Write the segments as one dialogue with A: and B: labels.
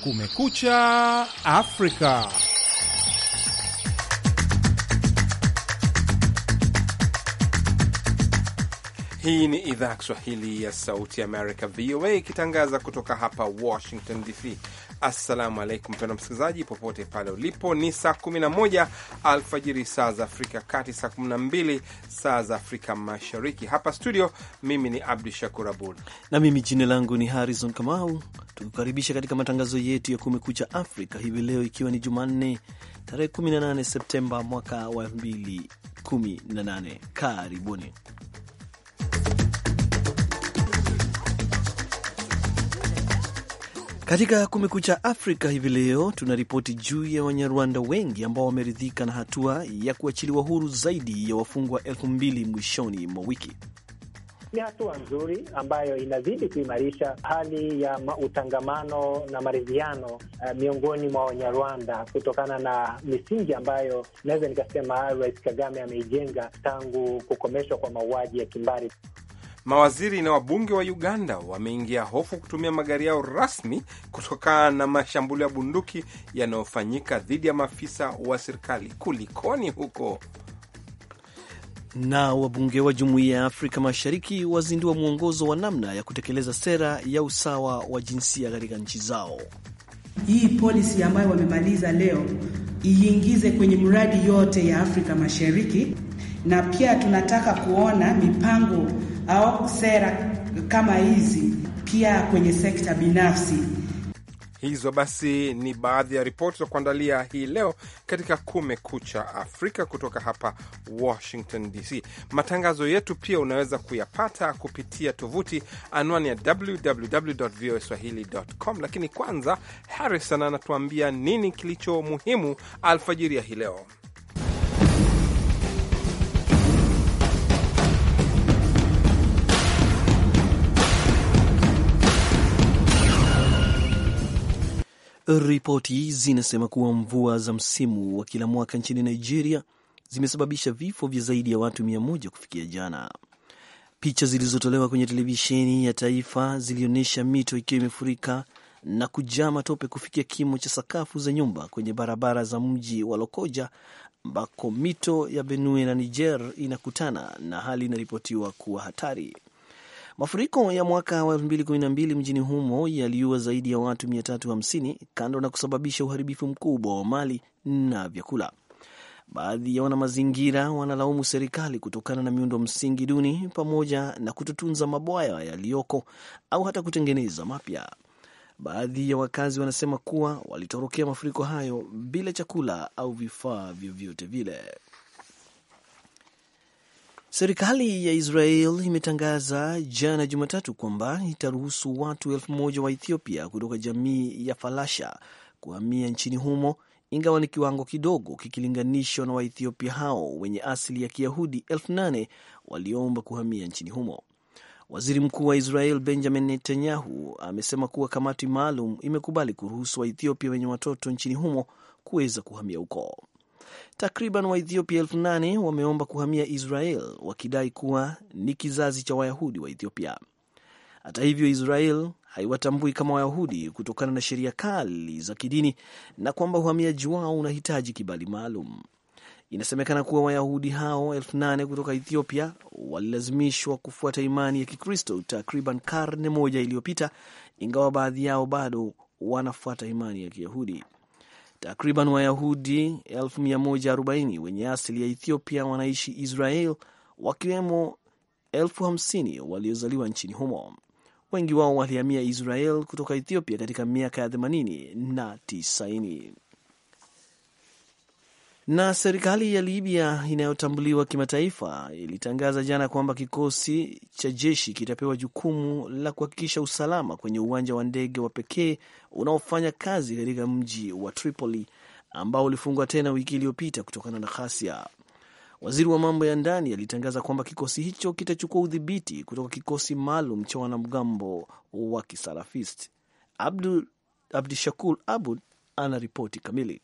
A: Kumekucha Afrika. Hii ni idhaa ya Kiswahili ya Sauti ya Amerika, VOA, ikitangaza kutoka hapa Washington DC. Assalamu alaikum mpendwa msikilizaji, popote pale ulipo. Ni saa 11 alfajiri saa za Afrika Kati, saa 12 saa za Afrika Mashariki. Hapa studio,
B: mimi ni Abdu Shakur Abud na mimi jina langu ni Harrison Kamau, tukukaribisha katika matangazo yetu ya Kumekucha Afrika hivi leo, ikiwa ni Jumanne tarehe 18 Septemba mwaka wa 2018. Karibuni. Katika Kumekucha Afrika hivi leo tunaripoti juu ya Wanyarwanda wengi ambao wameridhika na hatua ya kuachiliwa huru zaidi ya wafungwa elfu mbili mwishoni mwa wiki.
C: Ni hatua nzuri ambayo inazidi kuimarisha hali ya utangamano na maridhiano uh, miongoni mwa Wanyarwanda kutokana na misingi ambayo naweza nikasema Rais Kagame ameijenga tangu kukomeshwa kwa mauaji ya kimbari.
A: Mawaziri na wabunge wa Uganda wameingia hofu kutumia magari yao rasmi kutokana na mashambulio ya bunduki yanayofanyika dhidi ya maafisa wa serikali. Kulikoni huko?
B: Na wabunge wa Jumuiya ya Afrika Mashariki wazindua mwongozo wa namna ya kutekeleza sera ya usawa wa jinsia katika nchi zao.
D: Hii polisi ambayo wamemaliza leo iingize kwenye mradi yote ya Afrika Mashariki, na pia tunataka kuona mipango au sera kama hizi
A: pia kwenye
D: sekta binafsi.
A: Hizo basi ni baadhi ya ripoti za kuandalia hii leo katika Kumekucha Afrika kutoka hapa Washington DC. Matangazo yetu pia unaweza kuyapata kupitia tovuti anwani ya www voa swahili.com. Lakini kwanza, Harrison anatuambia nini kilicho muhimu alfajiri ya hii leo.
B: Ripoti zinasema kuwa mvua za msimu wa kila mwaka nchini Nigeria zimesababisha vifo vya zaidi ya watu mia moja kufikia jana. Picha zilizotolewa kwenye televisheni ya taifa zilionyesha mito ikiwa imefurika na kujaa matope kufikia kimo cha sakafu za nyumba kwenye barabara za mji wa Lokoja ambako mito ya Benue na Niger inakutana na hali inaripotiwa kuwa hatari. Mafuriko ya mwaka wa 2012 mjini humo yaliua zaidi ya watu 350 kando na kusababisha uharibifu mkubwa wa mali na vyakula. Baadhi ya wanamazingira wanalaumu serikali kutokana na miundo msingi duni pamoja na kutotunza mabwaya yaliyoko au hata kutengeneza mapya. Baadhi ya wakazi wanasema kuwa walitorokea mafuriko hayo bila chakula au vifaa vyovyote vile. Serikali ya Israel imetangaza jana Jumatatu kwamba itaruhusu watu elfu moja wa Ethiopia kutoka jamii ya Falasha kuhamia nchini humo, ingawa ni kiwango kidogo kikilinganishwa na Waethiopia hao wenye asili ya Kiyahudi elfu nane walioomba kuhamia nchini humo. Waziri Mkuu wa Israel Benjamin Netanyahu amesema kuwa kamati maalum imekubali kuruhusu Waethiopia wenye watoto nchini humo kuweza kuhamia huko. Takriban Waethiopia elfu nane wameomba kuhamia Israel wakidai kuwa ni kizazi cha Wayahudi wa Ethiopia. Hata hivyo, Israel haiwatambui kama Wayahudi kutokana na sheria kali za kidini na kwamba uhamiaji wao unahitaji kibali maalum. Inasemekana kuwa Wayahudi hao elfu nane kutoka Ethiopia walilazimishwa kufuata imani ya Kikristo takriban karne moja iliyopita, ingawa baadhi yao bado wanafuata imani ya Kiyahudi. Takriban Wayahudi 140 wenye asili ya Ethiopia wanaishi Israel, wakiwemo 50 waliozaliwa nchini humo. Wengi wao walihamia Israel kutoka Ethiopia katika miaka ya 80 na 90. Na serikali ya Libya inayotambuliwa kimataifa ilitangaza jana kwamba kikosi cha jeshi kitapewa jukumu la kuhakikisha usalama kwenye uwanja wa ndege wa pekee unaofanya kazi katika mji wa Tripoli ambao ulifungwa tena wiki iliyopita kutokana na ghasia. Waziri wa mambo ya ndani alitangaza kwamba kikosi hicho kitachukua udhibiti kutoka kikosi maalum cha wanamgambo wa Kisalafist. abdishakur Abud ana ripoti kamili.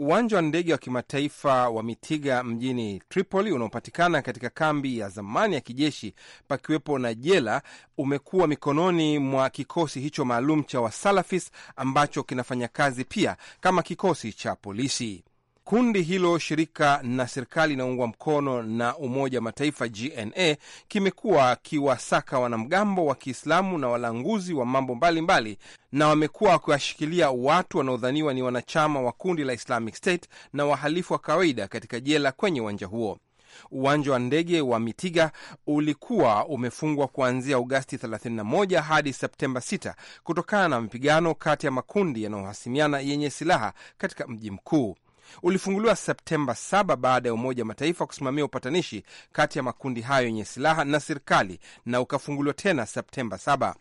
B: Uwanja wa ndege wa kimataifa
A: wa Mitiga mjini Tripoli unaopatikana katika kambi ya zamani ya kijeshi pakiwepo na jela, umekuwa mikononi mwa kikosi hicho maalum cha Wasalafis ambacho kinafanya kazi pia kama kikosi cha polisi. Kundi hilo shirika na serikali inaungwa mkono na Umoja Mataifa GNA kimekuwa kiwasaka wanamgambo wa Kiislamu na walanguzi wa mambo mbalimbali mbali, na wamekuwa wakiwashikilia watu wanaodhaniwa ni wanachama wa kundi la Islamic State na wahalifu wa kawaida katika jela kwenye uwanja huo. Uwanja wa ndege wa Mitiga ulikuwa umefungwa kuanzia Agosti 31 hadi Septemba 6 kutokana na mapigano kati ya makundi yanayohasimiana yenye silaha katika mji mkuu ulifunguliwa Septemba 7 baada ya Umoja Mataifa kusimamia upatanishi kati ya makundi hayo yenye silaha na serikali na ukafunguliwa tena Septemba 7.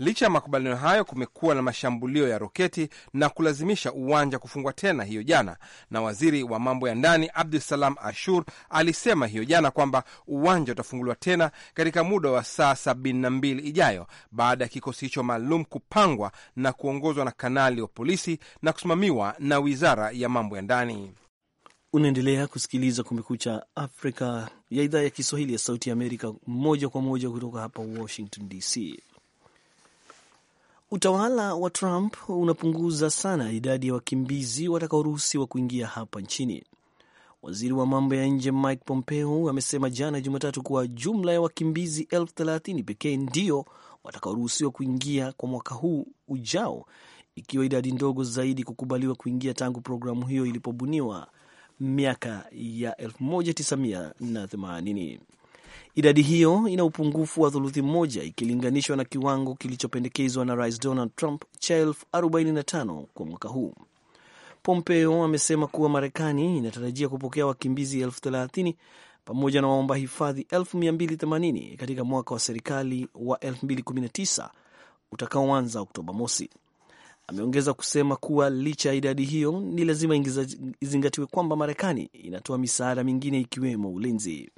A: Licha ya makubaliano hayo, kumekuwa na mashambulio ya roketi na kulazimisha uwanja kufungwa tena hiyo jana, na waziri wa mambo ya ndani abdu Salam Ashur alisema hiyo jana kwamba uwanja utafunguliwa tena katika muda wa saa mbili ijayo baada ya kikosi hicho maalum kupangwa na kuongozwa na kanali wa polisi na kusimamiwa na wizara ya mambo ya ndani.
B: Unaendelea kusikiliza Kumekucha Afrika ya idhaa ya Kiswahili ya Sauti ya Amerika, moja kwa moja kutoka hapa Washington DC. Utawala wa Trump unapunguza sana idadi ya wakimbizi watakaoruhusiwa kuingia hapa nchini. Waziri wa mambo ya nje Mike Pompeo amesema jana Jumatatu kuwa jumla ya wakimbizi elfu thelathini pekee ndio watakaoruhusiwa kuingia kwa mwaka huu ujao, ikiwa idadi ndogo zaidi kukubaliwa kuingia tangu programu hiyo ilipobuniwa miaka ya 1980. Idadi hiyo ina upungufu wa thuluthi moja ikilinganishwa na kiwango kilichopendekezwa na Rais Donald Trump cha elfu 45 kwa mwaka huu. Pompeo amesema kuwa Marekani inatarajia kupokea wakimbizi elfu 30 pamoja na waomba hifadhi elfu 280 katika mwaka wa serikali wa 2019 utakaoanza Oktoba mosi. Ameongeza kusema kuwa licha ya idadi hiyo, ni lazima izingatiwe kwamba Marekani inatoa misaada mingine ikiwemo ulinzi.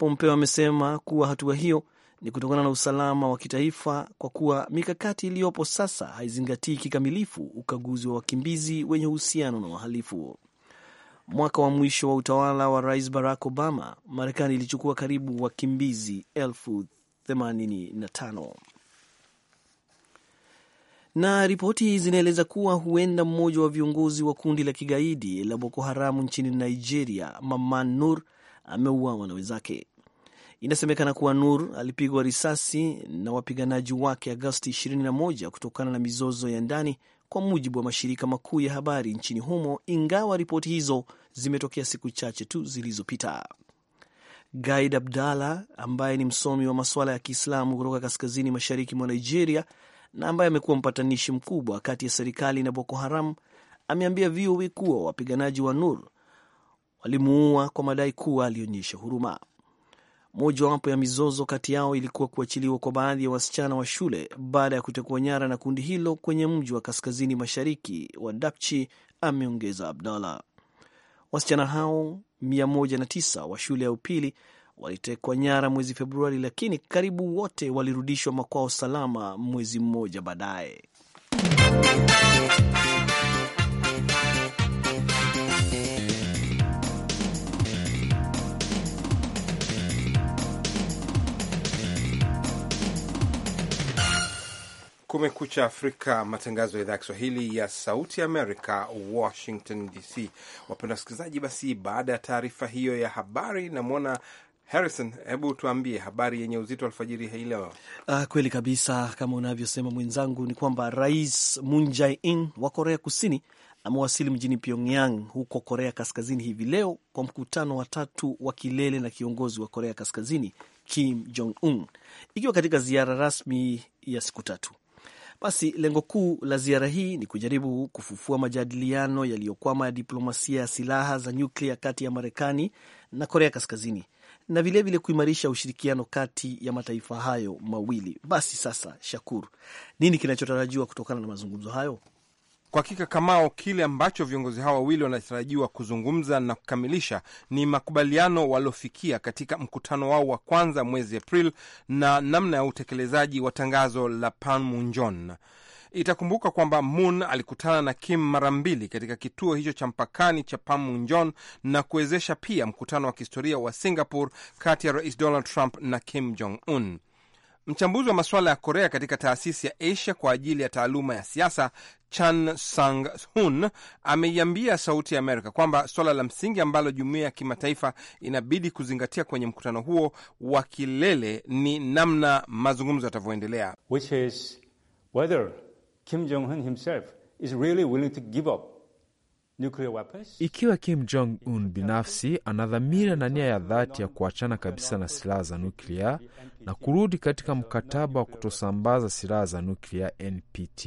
B: Pompeo amesema kuwa hatua hiyo ni kutokana na usalama wa kitaifa kwa kuwa mikakati iliyopo sasa haizingatii kikamilifu ukaguzi wa wakimbizi wenye uhusiano na wahalifu. Mwaka wa mwisho wa utawala wa Rais Barack Obama, Marekani ilichukua karibu wakimbizi elfu 85. Na ripoti zinaeleza kuwa huenda mmoja wa viongozi wa kundi la kigaidi la Boko Haramu nchini Nigeria, Maman Nur, ameuawa na wenzake. Inasemekana kuwa Nur alipigwa risasi na wapiganaji wake Agosti 21 kutokana na mizozo ya ndani, kwa mujibu wa mashirika makuu ya habari nchini humo, ingawa ripoti hizo zimetokea siku chache tu zilizopita. Gaid Abdallah ambaye ni msomi wa masuala ya Kiislamu kutoka kaskazini mashariki mwa Nigeria na ambaye amekuwa mpatanishi mkubwa kati ya serikali na Boko Haram ameambia VOA kuwa wapiganaji wa Nur walimuua kwa madai kuwa alionyesha huruma. Mojawapo ya mizozo kati yao ilikuwa kuachiliwa kwa baadhi ya wasichana wa shule baada ya kutekwa nyara na kundi hilo kwenye mji wa kaskazini mashariki wa Dapchi, ameongeza Abdallah. Wasichana hao 109 wa shule ya upili walitekwa nyara mwezi Februari, lakini karibu wote walirudishwa makwao salama mwezi mmoja baadaye.
A: Kumekucha Afrika, matangazo ya idhaa ya Kiswahili ya Sauti Amerika, Washington DC. Wapenda wasikilizaji, basi baada ya taarifa hiyo ya habari, namwona Harrison, hebu tuambie habari yenye uzito
B: alfajiri hii leo. Uh, kweli kabisa kama unavyosema mwenzangu, ni kwamba Rais Moon Jae-in wa Korea Kusini amewasili mjini Pyongyang huko Korea Kaskazini hivi leo kwa mkutano wa tatu wa kilele na kiongozi wa Korea Kaskazini Kim Jong Un, ikiwa katika ziara rasmi ya siku tatu. Basi lengo kuu la ziara hii ni kujaribu kufufua majadiliano yaliyokwama ya diplomasia ya silaha za nyuklia kati ya Marekani na Korea Kaskazini na vilevile kuimarisha ushirikiano kati ya mataifa hayo mawili. Basi sasa, Shakur, nini kinachotarajiwa kutokana na mazungumzo
A: hayo? Kwa hakika Kamao, kile ambacho viongozi hao wawili wanatarajiwa kuzungumza na kukamilisha ni makubaliano waliofikia katika mkutano wao wa kwanza mwezi april na namna ya utekelezaji wa tangazo la Panmunjom. Itakumbuka kwamba Moon alikutana na Kim mara mbili katika kituo hicho cha mpakani cha Panmunjom na kuwezesha pia mkutano wa kihistoria wa Singapore kati ya Rais Donald Trump na Kim Jong Un. Mchambuzi wa masuala ya Korea katika taasisi ya Asia kwa ajili ya taaluma ya siasa Chan Sang Hun ameiambia Sauti ya Amerika kwamba suala la msingi ambalo jumuiya ya kimataifa inabidi kuzingatia kwenye mkutano huo wa kilele ni namna mazungumzo yatavyoendelea.
C: Which is whether Kim Jong Un himself is really willing to give up ikiwa Kim Jong Un
A: binafsi ana dhamira na nia ya dhati ya kuachana kabisa na silaha za nuklia na kurudi katika mkataba wa kutosambaza silaha za nuklia NPT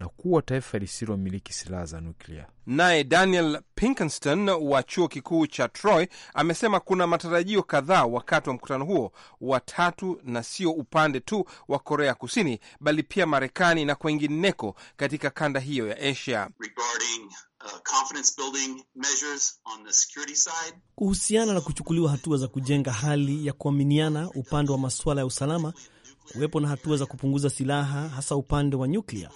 A: na kuwa taifa lisilomiliki silaha za nuklia. Naye Daniel Pinkenston wa chuo kikuu cha Troy amesema kuna matarajio kadhaa wakati wa mkutano huo watatu na sio upande tu wa Korea Kusini, bali pia Marekani na kwengineko katika kanda hiyo ya Asia.
E: Regarding
B: Uh, kuhusiana na kuchukuliwa hatua za kujenga hali ya kuaminiana upande wa masuala ya usalama, kuwepo na hatua za kupunguza silaha, hasa upande wa nyuklia,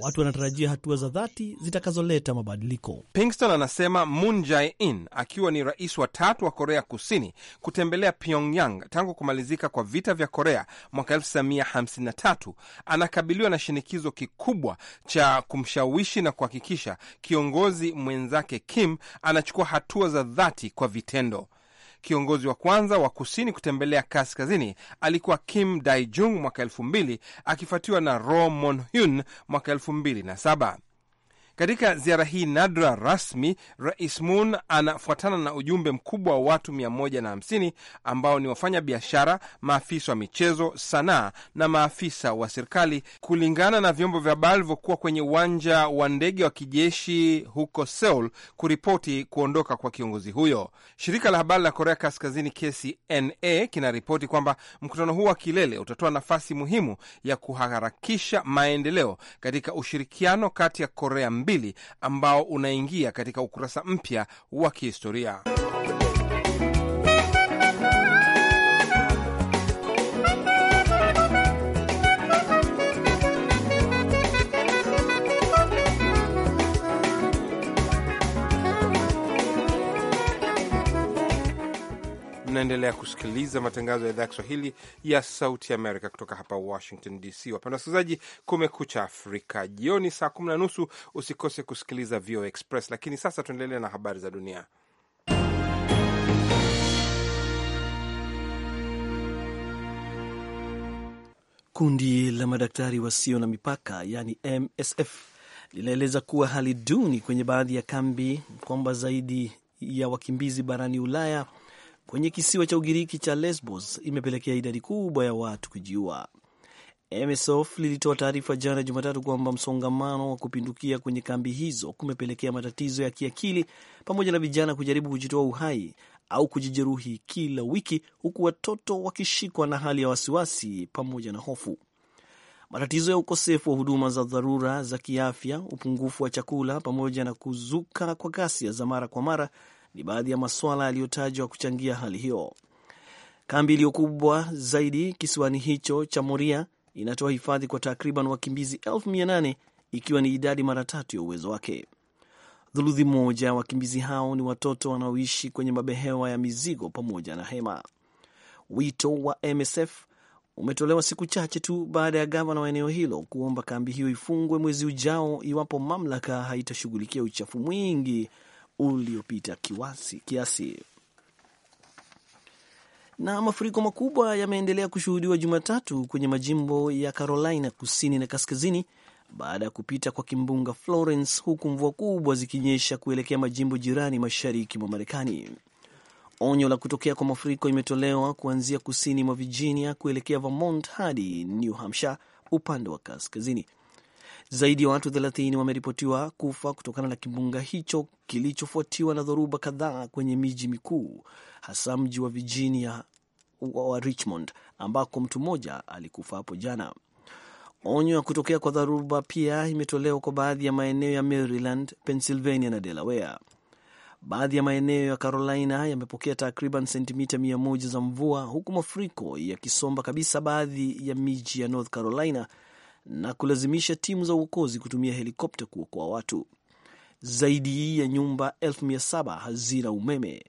B: Watu wanatarajia hatua za dhati zitakazoleta mabadiliko.
A: Pinkston anasema Moon Jae-in akiwa ni rais wa tatu wa Korea Kusini kutembelea Pyongyang tangu kumalizika kwa vita vya Korea mwaka 1953 anakabiliwa na shinikizo kikubwa cha kumshawishi na kuhakikisha kiongozi mwenzake Kim anachukua hatua za dhati kwa vitendo. Kiongozi wa kwanza wa kusini kutembelea kaskazini alikuwa Kim Dae Jung mwaka elfu mbili akifuatiwa na Roh monhun hyun mwaka elfu mbili na saba. Katika ziara hii nadra rasmi, Rais Moon anafuatana na ujumbe mkubwa wa watu 150 ambao ni wafanya biashara, maafisa wa michezo, sanaa na maafisa wa serikali, kulingana na vyombo vya habari vilivyokuwa kwenye uwanja wa ndege wa kijeshi huko Seoul kuripoti kuondoka kwa kiongozi huyo. Shirika la habari la Korea Kaskazini KCNA kinaripoti kwamba mkutano huu wa kilele utatoa nafasi muhimu ya kuharakisha maendeleo katika ushirikiano kati ya Korea mbili ambao unaingia katika ukurasa mpya wa kihistoria. Mnaendelea kusikiliza matangazo ya idhaa ya Kiswahili ya Sauti Amerika kutoka hapa Washington DC. Wapenda wasikilizaji, Kumekucha Afrika jioni saa kumi na nusu. Usikose kusikiliza VOA Express, lakini sasa tuendelee na habari za dunia.
B: Kundi la madaktari wasio na mipaka yani MSF linaeleza kuwa hali duni kwenye baadhi ya kambi kwamba zaidi ya wakimbizi barani Ulaya kwenye kisiwa cha Ugiriki cha Lesbos imepelekea idadi kubwa ya watu kujiua. MSF lilitoa taarifa jana Jumatatu kwamba msongamano wa kupindukia kwenye kambi hizo kumepelekea matatizo ya kiakili pamoja na vijana kujaribu kujitoa uhai au kujijeruhi kila wiki, huku watoto wakishikwa na hali ya wasiwasi pamoja na hofu. Matatizo ya ukosefu wa huduma za dharura za kiafya, upungufu wa chakula, pamoja na kuzuka kwa ghasia za mara kwa mara ni baadhi ya maswala yaliyotajwa kuchangia hali hiyo. Kambi iliyo kubwa zaidi kisiwani hicho cha Moria inatoa hifadhi kwa takriban wakimbizi elfu mia nane ikiwa ni idadi mara tatu ya uwezo wake. Thuluthi moja ya wakimbizi hao ni watoto wanaoishi kwenye mabehewa ya mizigo pamoja na hema. Wito wa MSF umetolewa siku chache tu baada ya gavana wa eneo hilo kuomba kambi hiyo ifungwe mwezi ujao iwapo mamlaka haitashughulikia uchafu mwingi uliopita kiasi. Na mafuriko makubwa yameendelea kushuhudiwa Jumatatu kwenye majimbo ya Carolina kusini na kaskazini baada ya kupita kwa kimbunga Florence, huku mvua kubwa zikinyesha kuelekea majimbo jirani mashariki mwa Marekani. Onyo la kutokea kwa mafuriko imetolewa kuanzia kusini mwa Virginia kuelekea Vermont hadi New Hampshire upande wa kaskazini. Zaidi ya watu 30 wameripotiwa kufa kutokana na kimbunga hicho kilichofuatiwa na dhoruba kadhaa kwenye miji mikuu, hasa mji wa Virginia wa Richmond ambako mtu mmoja alikufa hapo jana. Onyo ya kutokea kwa dharuba pia imetolewa kwa baadhi ya maeneo ya Maryland, Pennsylvania na Delaware. Baadhi ya maeneo ya Carolina yamepokea takriban sentimita mia moja za mvua huku mafuriko yakisomba kabisa baadhi ya miji ya North Carolina na kulazimisha timu za uokozi kutumia helikopta kuokoa watu. Zaidi ya nyumba 7 hazina umeme.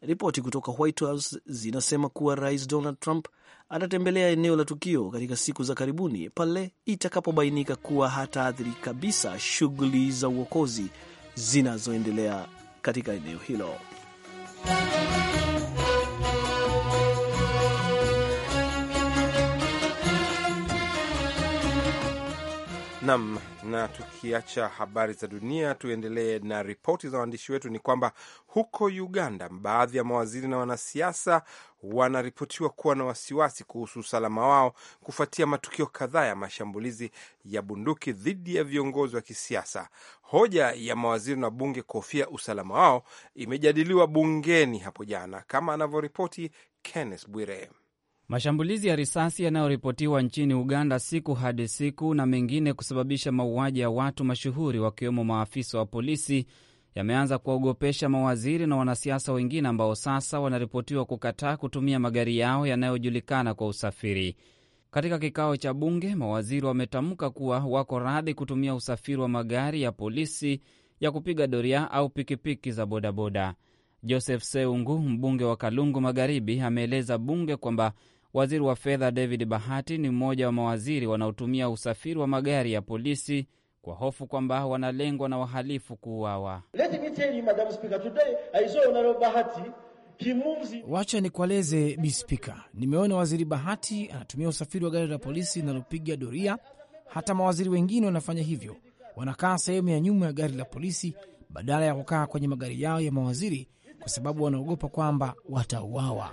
B: Ripoti kutoka White House zinasema kuwa Rais Donald Trump atatembelea eneo la tukio katika siku za karibuni pale itakapobainika kuwa hataathiri kabisa shughuli za uokozi zinazoendelea katika eneo hilo.
A: Nam, na tukiacha habari za dunia, tuendelee na ripoti za waandishi wetu. Ni kwamba huko Uganda, baadhi ya mawaziri na wanasiasa wanaripotiwa kuwa na wasiwasi kuhusu usalama wao kufuatia matukio kadhaa ya mashambulizi ya bunduki dhidi ya viongozi wa kisiasa. Hoja ya mawaziri na bunge kuhofia usalama wao imejadiliwa bungeni hapo jana, kama anavyoripoti Kenneth Bwire.
E: Mashambulizi ya risasi yanayoripotiwa nchini Uganda siku hadi siku na mengine kusababisha mauaji ya watu mashuhuri wakiwemo maafisa wa polisi yameanza kuwaogopesha mawaziri na wanasiasa wengine ambao sasa wanaripotiwa kukataa kutumia magari yao yanayojulikana kwa usafiri. Katika kikao cha bunge, mawaziri wametamka kuwa wako radhi kutumia usafiri wa magari ya polisi ya kupiga doria au pikipiki za bodaboda. Joseph Seungu, mbunge wa Kalungu Magharibi, ameeleza bunge kwamba Waziri wa fedha David Bahati ni mmoja wa mawaziri wanaotumia usafiri wa magari ya polisi kwa hofu kwamba wanalengwa na wahalifu kuuawa.
D: Wacha kwaleze Bi Spika, nimeona waziri Bahati anatumia usafiri wa gari la polisi linalopiga doria. Hata mawaziri wengine wanafanya hivyo, wanakaa sehemu ya nyuma ya gari la polisi badala ya kukaa kwenye magari yao ya mawaziri, kwa sababu wanaogopa kwamba watauawa.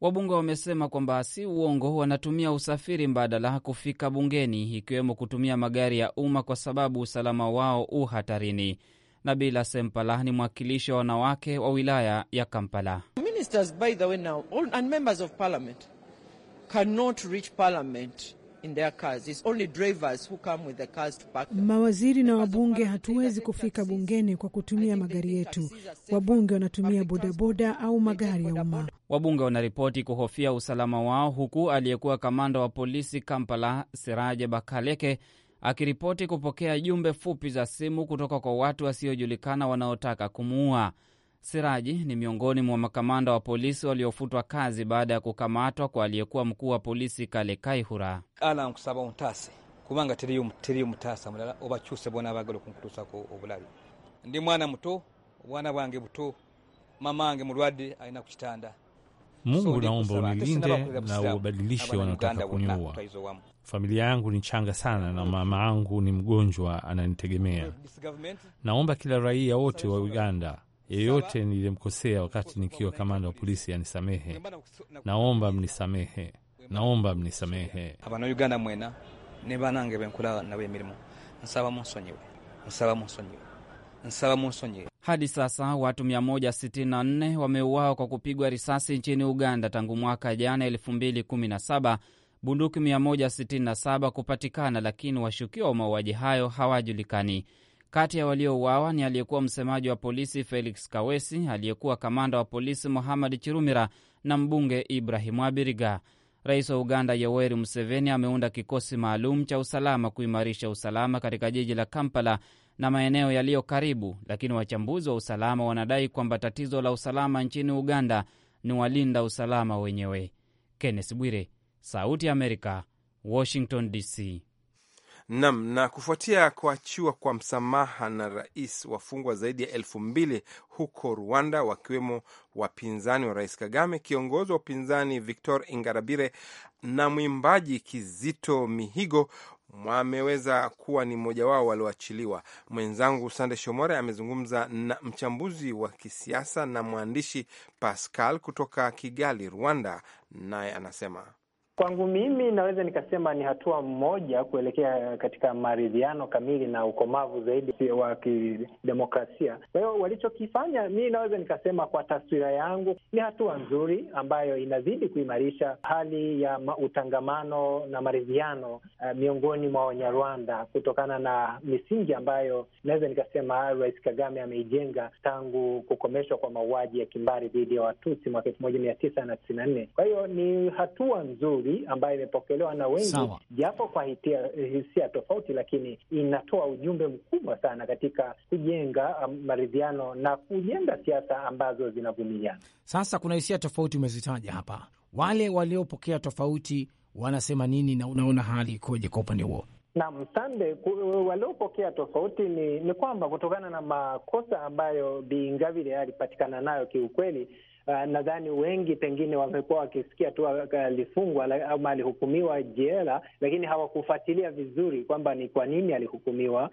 E: Wabunge wamesema kwamba si uongo, wanatumia usafiri mbadala kufika bungeni, ikiwemo kutumia magari ya umma kwa sababu usalama wao u hatarini. Nabila Sempala ni mwakilishi wa wanawake wa wilaya ya Kampala.
D: Ministers, by the way now, all, and members of parliament cannot reach parliament In their cars. It's only drivers who come with the cars to park them. Mawaziri na wabunge hatuwezi kufika bungeni kwa kutumia magari yetu. Wabunge wanatumia bodaboda au magari ya umma.
E: Wabunge wanaripoti kuhofia usalama wao, huku aliyekuwa kamanda wa polisi Kampala Siraje Bakaleke akiripoti kupokea jumbe fupi za simu kutoka kwa watu wasiojulikana wanaotaka kumuua. Siraji ni miongoni mwa makamanda wa polisi waliofutwa kazi baada ya kukamatwa kwa aliyekuwa mkuu wa polisi Kale Kaihura. ndi mwana muto bwange buto mamange
C: Mungu, naomba unilinde
A: na ubadilishe wanaotaka kuniua. Familia yangu ni changa sana, na mama angu ni mgonjwa, ananitegemea. Naomba kila raia wote wa Uganda yeyote nilimkosea wakati nikiwa kamanda wa polisi anisamehe. Naomba mnisamehe, naomba mnisamehe.
B: uganda mwena nibanange benkula nawe
E: mirimo nsaba munsonyiwe nsaba munsonyiwe nsaba munsonyiwe. Hadi sasa watu 164 wameuawa kwa kupigwa risasi nchini Uganda tangu mwaka jana 2017, bunduki 167 kupatikana, lakini washukiwa wa mauaji hayo hawajulikani. Kati ya waliouawa ni aliyekuwa msemaji wa polisi Felix Kawesi, aliyekuwa kamanda wa polisi Mohamed Chirumira na mbunge Ibrahimu Abiriga. Rais wa Uganda Yoweri Museveni ameunda kikosi maalum cha usalama kuimarisha usalama katika jiji la Kampala na maeneo yaliyo karibu, lakini wachambuzi wa usalama wanadai kwamba tatizo la usalama nchini Uganda ni walinda usalama wenyewe. Kenneth Bwire, Sauti ya Amerika, Washington DC.
A: Nam na kufuatia kuachiwa kwa msamaha na rais, wafungwa zaidi ya elfu mbili huko Rwanda, wakiwemo wapinzani wa rais Kagame, kiongozi wa upinzani Victor Ingarabire na mwimbaji Kizito Mihigo ameweza kuwa ni mmoja wao walioachiliwa. Mwenzangu Sande Shomore amezungumza na mchambuzi wa kisiasa na mwandishi Pascal kutoka Kigali, Rwanda, naye anasema
C: Kwangu mimi naweza nikasema ni hatua moja kuelekea katika maridhiano kamili na ukomavu zaidi wa kidemokrasia. Kwa hiyo walichokifanya, mi naweza nikasema kwa taswira yangu, ni hatua nzuri ambayo inazidi kuimarisha hali ya utangamano na maridhiano uh, miongoni mwa Wanyarwanda kutokana na misingi ambayo naweza nikasema Rais Kagame ameijenga tangu kukomeshwa kwa mauaji ya kimbari dhidi ya Watusi mwaka elfu moja mia tisa na tisini na nne. Kwa hiyo ni hatua nzuri nzuri ambayo imepokelewa na wengi Sawa. japo kwa hitia, hisia tofauti, lakini inatoa ujumbe mkubwa sana katika kujenga um, maridhiano na kujenga siasa ambazo zinavumiliana.
D: Sasa kuna hisia tofauti umezitaja hapa, wale waliopokea tofauti wanasema nini, na unaona hali ikoje kwa upande huo?
C: Naam, sande. Waliopokea tofauti ni, ni kwamba kutokana na makosa ambayo Bi Ingabire alipatikana nayo kiukweli Ah, nadhani wengi pengine wamekuwa wakisikia tu alifungwa ama alihukumiwa jela, lakini hawakufuatilia vizuri kwamba ni kwa nini alihukumiwa.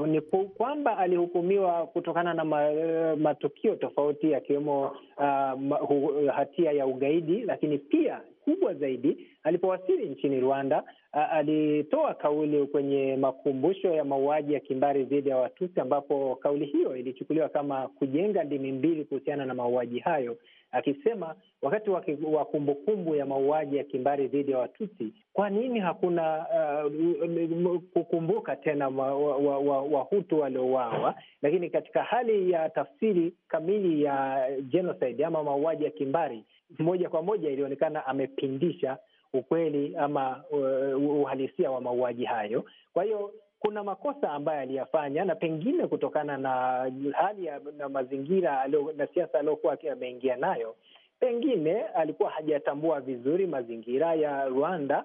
C: Uh, ni kwamba alihukumiwa kutokana na ma, matukio tofauti yakiwemo uh, hatia ya ugaidi, lakini pia kubwa zaidi Alipowasili nchini Rwanda, alitoa kauli kwenye makumbusho ya mauaji ya kimbari dhidi ya Watusi, ambapo kauli hiyo ilichukuliwa kama kujenga ndimi mbili kuhusiana na mauaji hayo, akisema wakati wa kumbukumbu ya mauaji ya kimbari dhidi ya Watusi, kwa nini hakuna uh, kukumbuka tena Wahutu wa, wa waliouawa? Lakini katika hali ya tafsiri kamili ya genocide ama mauaji ya kimbari, moja kwa moja ilionekana amepindisha ukweli ama uh, uhalisia wa mauaji hayo. Kwa hiyo kuna makosa ambayo aliyafanya na pengine kutokana na hali ya na mazingira na siasa aliyokuwa ameingia nayo, pengine alikuwa hajatambua vizuri mazingira ya Rwanda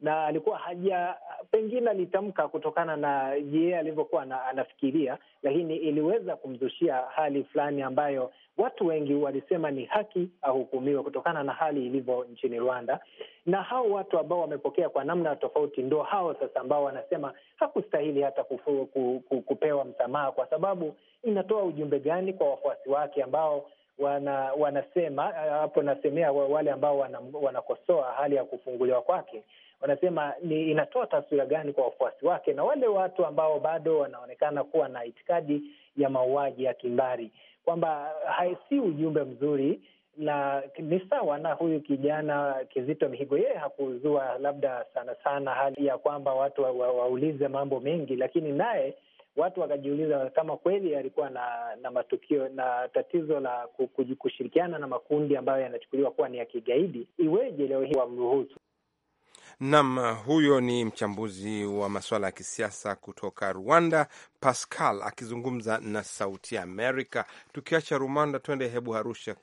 C: na alikuwa haja pengine alitamka kutokana na yeye alivyokuwa anafikiria, lakini iliweza kumzushia hali fulani ambayo watu wengi walisema ni haki ahukumiwe, kutokana na hali ilivyo nchini Rwanda. Na hao watu ambao wamepokea kwa namna tofauti, ndo hao sasa ambao wanasema hakustahili hata kufu, ku, ku, kupewa msamaha, kwa sababu inatoa ujumbe gani kwa wafuasi wake ambao wana, wanasema hapo, nasemea wale ambao wanakosoa wana hali ya kufunguliwa kwake wanasema ni inatoa taswira gani kwa wafuasi wake na wale watu ambao bado wanaonekana kuwa na itikadi ya mauaji ya kimbari kwamba si ujumbe mzuri na ni sawa na huyu kijana Kizito Mihigo, yeye hakuzua labda sana sana hali ya kwamba watu wa, wa, waulize mambo mengi, lakini naye watu wakajiuliza kama kweli alikuwa na na matukio na tatizo la kushirikiana na makundi ambayo yanachukuliwa kuwa ni ya kigaidi, iweje leo hii wamruhusu?
A: Nam, huyo ni mchambuzi wa masuala ya kisiasa kutoka Rwanda, Pascal akizungumza na Sauti ya Amerika. Tukiacha Rwanda, twende hebu Arusha.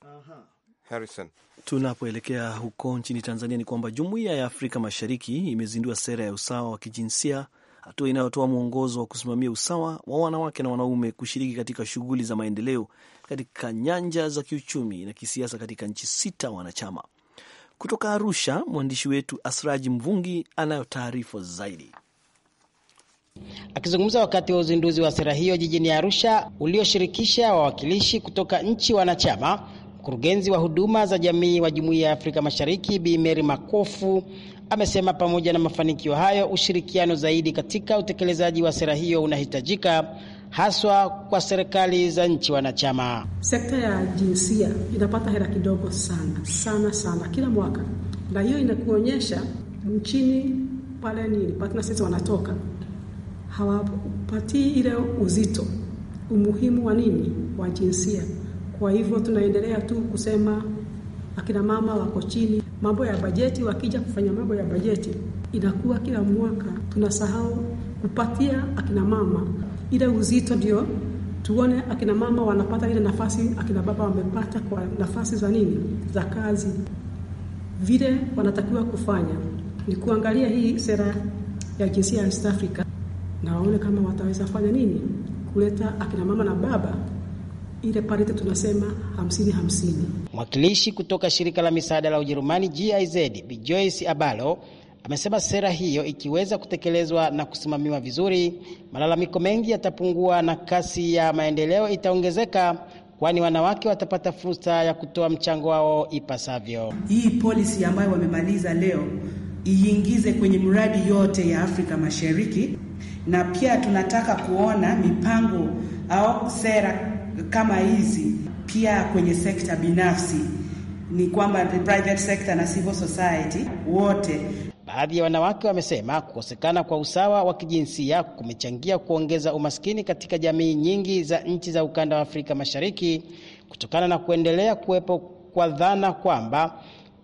A: Aha.
B: Harrison, tunapoelekea huko nchini Tanzania ni kwamba Jumuiya ya Afrika Mashariki imezindua sera ya usawa wa kijinsia, hatua inayotoa mwongozo wa kusimamia usawa wa wanawake na wanaume kushiriki katika shughuli za maendeleo katika nyanja za kiuchumi na kisiasa katika nchi sita wanachama. Kutoka Arusha, mwandishi wetu Asraji Mvungi anayo taarifa zaidi.
D: Akizungumza wakati wa uzinduzi wa sera hiyo jijini Arusha ulioshirikisha wawakilishi kutoka nchi wanachama, mkurugenzi wa huduma za jamii wa Jumuiya ya Afrika Mashariki Bi Mary Makofu amesema pamoja na mafanikio hayo, ushirikiano zaidi katika utekelezaji wa sera hiyo unahitajika haswa kwa serikali za nchi wanachama. Sekta ya jinsia inapata hela kidogo sana sana sana kila mwaka, na hiyo inakuonyesha nchini pale nini sisi wanatoka hawapatii ile uzito umuhimu wa nini wa jinsia. Kwa hivyo tunaendelea tu kusema akina mama wako chini. Mambo ya bajeti, wakija kufanya mambo ya bajeti, inakuwa kila mwaka tunasahau kupatia akina mama ile uzito ndio tuone akina mama wanapata ile nafasi akina baba wamepata kwa nafasi za nini za kazi. Vile wanatakiwa kufanya ni kuangalia hii sera ya jinsia ya East Africa na waone kama wataweza fanya nini kuleta akina mama na baba ile parite tunasema hamsini hamsini. Mwakilishi kutoka shirika la misaada la Ujerumani GIZ Bi Joyce Abalo Amesema sera hiyo ikiweza kutekelezwa na kusimamiwa vizuri, malalamiko mengi yatapungua na kasi ya maendeleo itaongezeka, kwani wanawake watapata fursa ya kutoa mchango wao ipasavyo. Hii polisi ambayo wamemaliza leo iingize kwenye mradi yote ya Afrika Mashariki, na pia tunataka kuona mipango au sera kama hizi pia kwenye sekta binafsi, ni kwamba the private sector na civil society wote Baadhi ya wanawake wamesema kukosekana kwa usawa wa kijinsia kumechangia kuongeza umaskini katika jamii nyingi za nchi za ukanda wa Afrika Mashariki kutokana na kuendelea kuwepo kwa dhana kwamba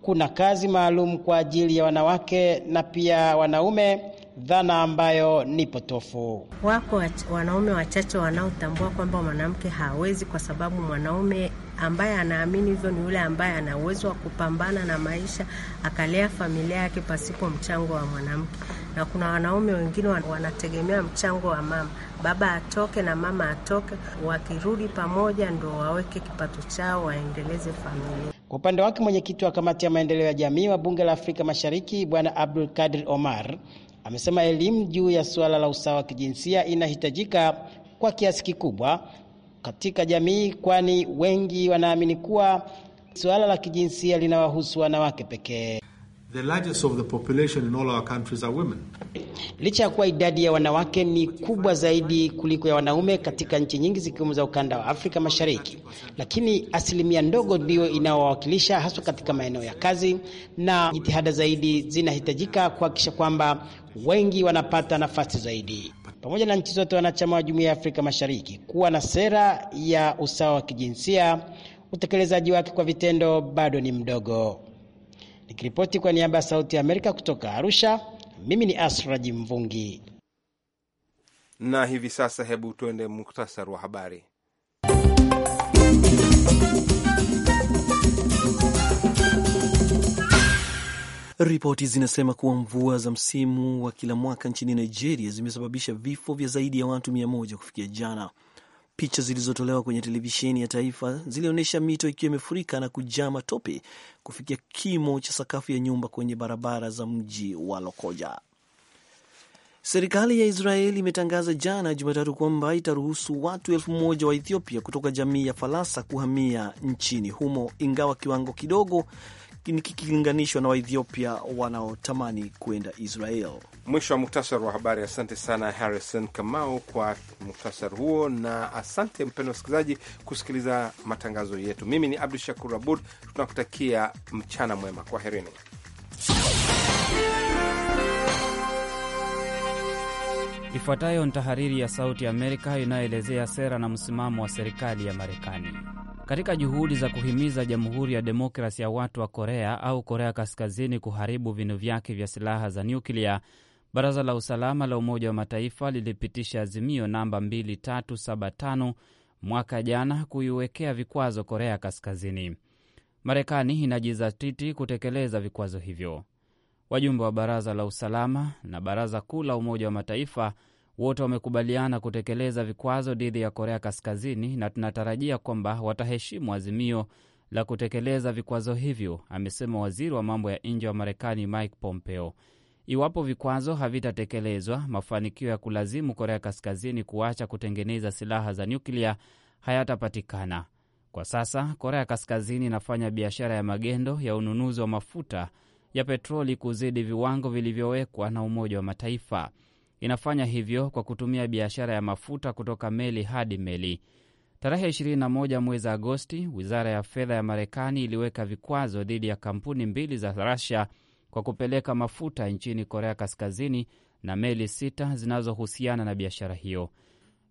D: kuna kazi maalum kwa ajili ya wanawake na pia wanaume dhana ambayo ni
C: potofu.
D: Wako wanaume wachache wanaotambua kwamba mwanamke hawezi, kwa sababu mwanaume ambaye anaamini hivyo ni yule ambaye ana uwezo wa kupambana na maisha akalea familia yake pasipo mchango wa mwanamke. Na kuna wanaume wengine wanategemea mchango wa mama, baba atoke na mama atoke, wakirudi pamoja ndo waweke kipato chao waendeleze familia. Kwa upande wake mwenyekiti wa kamati ya maendeleo ya jamii wa bunge la Afrika Mashariki Bwana Abdul Kadir Omar Amesema elimu juu ya suala la usawa wa kijinsia inahitajika kwa kiasi kikubwa katika jamii, kwani wengi wanaamini kuwa suala la kijinsia linawahusu wanawake pekee.
A: The largest of the population in all our countries are women.
D: Licha ya kuwa idadi ya wanawake ni kubwa zaidi kuliko ya wanaume katika nchi nyingi zikiwemo za ukanda wa Afrika Mashariki, lakini asilimia ndogo ndiyo inayowawakilisha haswa katika maeneo ya kazi, na jitihada zaidi zinahitajika kuhakikisha kwamba wengi wanapata nafasi zaidi. Pamoja na nchi zote wanachama wa Jumuiya ya Afrika Mashariki kuwa na sera ya usawa wa kijinsia, utekelezaji wake kwa vitendo bado ni mdogo. Nikiripoti kwa niaba ya Sauti ya Amerika kutoka Arusha, mimi ni Asraji Mvungi.
A: Na hivi sasa, hebu tuende muktasari wa habari.
B: Ripoti zinasema kuwa mvua za msimu wa kila mwaka nchini Nigeria zimesababisha vifo vya zaidi ya watu mia moja kufikia jana. Picha zilizotolewa kwenye televisheni ya taifa zilionyesha mito ikiwa imefurika na kujaa matope kufikia kimo cha sakafu ya nyumba kwenye barabara za mji wa Lokoja. Serikali ya Israeli imetangaza jana Jumatatu kwamba itaruhusu watu elfu moja wa Ethiopia kutoka jamii ya Falasa kuhamia nchini humo, ingawa kiwango kidogo kikilinganishwa na Waethiopia wanaotamani kuenda Israel.
A: Mwisho wa muktasari wa habari. Asante sana Harrison Kamau kwa muktasari huo, na asante mpendo msikilizaji kusikiliza matangazo yetu. Mimi ni Abdu Shakur Abud, tunakutakia mchana mwema, kwaherini.
E: Ifuatayo ni tahariri ya Sauti ya Amerika inayoelezea sera na msimamo wa serikali ya Marekani. Katika juhudi za kuhimiza Jamhuri ya Demokrasi ya Watu wa Korea au Korea Kaskazini kuharibu vinu vyake vya silaha za nyuklia, Baraza la Usalama la Umoja wa Mataifa lilipitisha azimio namba 2375 mwaka jana kuiwekea vikwazo Korea Kaskazini. Marekani inajizatiti kutekeleza vikwazo hivyo. Wajumbe wa Baraza la Usalama na Baraza Kuu la Umoja wa Mataifa wote wamekubaliana kutekeleza vikwazo dhidi ya Korea Kaskazini na tunatarajia kwamba wataheshimu azimio la kutekeleza vikwazo hivyo, amesema waziri wa mambo ya nje wa Marekani Mike Pompeo. Iwapo vikwazo havitatekelezwa, mafanikio ya kulazimu Korea Kaskazini kuacha kutengeneza silaha za nyuklia hayatapatikana. Kwa sasa Korea Kaskazini inafanya biashara ya magendo ya ununuzi wa mafuta ya petroli kuzidi viwango vilivyowekwa na Umoja wa Mataifa inafanya hivyo kwa kutumia biashara ya mafuta kutoka meli hadi meli. Tarehe 21 mwezi Agosti, wizara ya fedha ya Marekani iliweka vikwazo dhidi ya kampuni mbili za Rasia kwa kupeleka mafuta nchini Korea Kaskazini na meli sita zinazohusiana na biashara hiyo.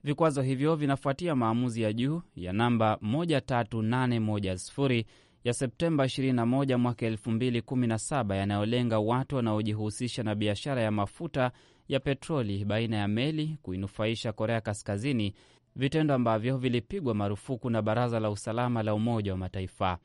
E: Vikwazo hivyo vinafuatia maamuzi ya juu ya namba 13810 ya Septemba 21 mwaka 2017 yanayolenga watu wanaojihusisha na biashara ya mafuta ya petroli baina ya meli kuinufaisha Korea Kaskazini, vitendo ambavyo vilipigwa marufuku na Baraza la Usalama la Umoja wa Mataifa.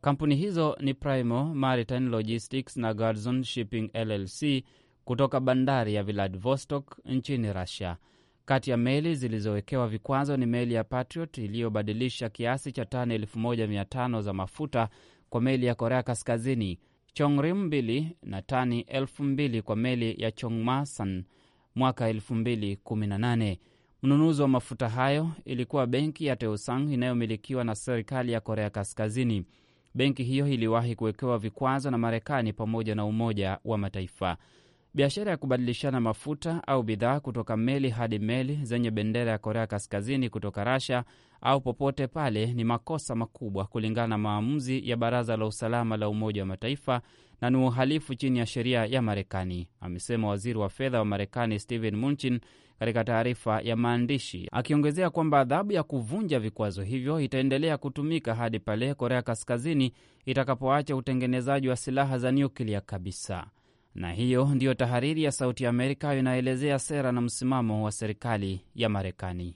E: Kampuni hizo ni Primo Maritime Logistics na Garzon Shipping LLC kutoka bandari ya Vladivostok nchini Russia. Kati ya meli zilizowekewa vikwazo ni meli ya Patriot iliyobadilisha kiasi cha tani 1500 za mafuta kwa meli ya Korea Kaskazini chongrim mbili na tani elfu mbili kwa meli ya Chongmasan mwaka elfu Mnunuzi wa mafuta hayo ilikuwa benki ya teusang inayomilikiwa na serikali ya Korea Kaskazini. Benki hiyo iliwahi kuwekewa vikwazo na Marekani pamoja na Umoja wa Mataifa. Biashara ya kubadilishana mafuta au bidhaa kutoka meli hadi meli zenye bendera ya Korea Kaskazini kutoka rasha au popote pale ni makosa makubwa kulingana na maamuzi ya Baraza la Usalama la Umoja wa Mataifa na ni uhalifu chini ya sheria ya Marekani, amesema waziri wa fedha wa Marekani Steven Mnuchin katika taarifa ya maandishi, akiongezea kwamba adhabu ya kuvunja vikwazo hivyo itaendelea kutumika hadi pale Korea Kaskazini itakapoacha utengenezaji wa silaha za nyuklia kabisa. Na hiyo ndiyo tahariri ya Sauti ya Amerika inaelezea sera na msimamo wa serikali ya Marekani.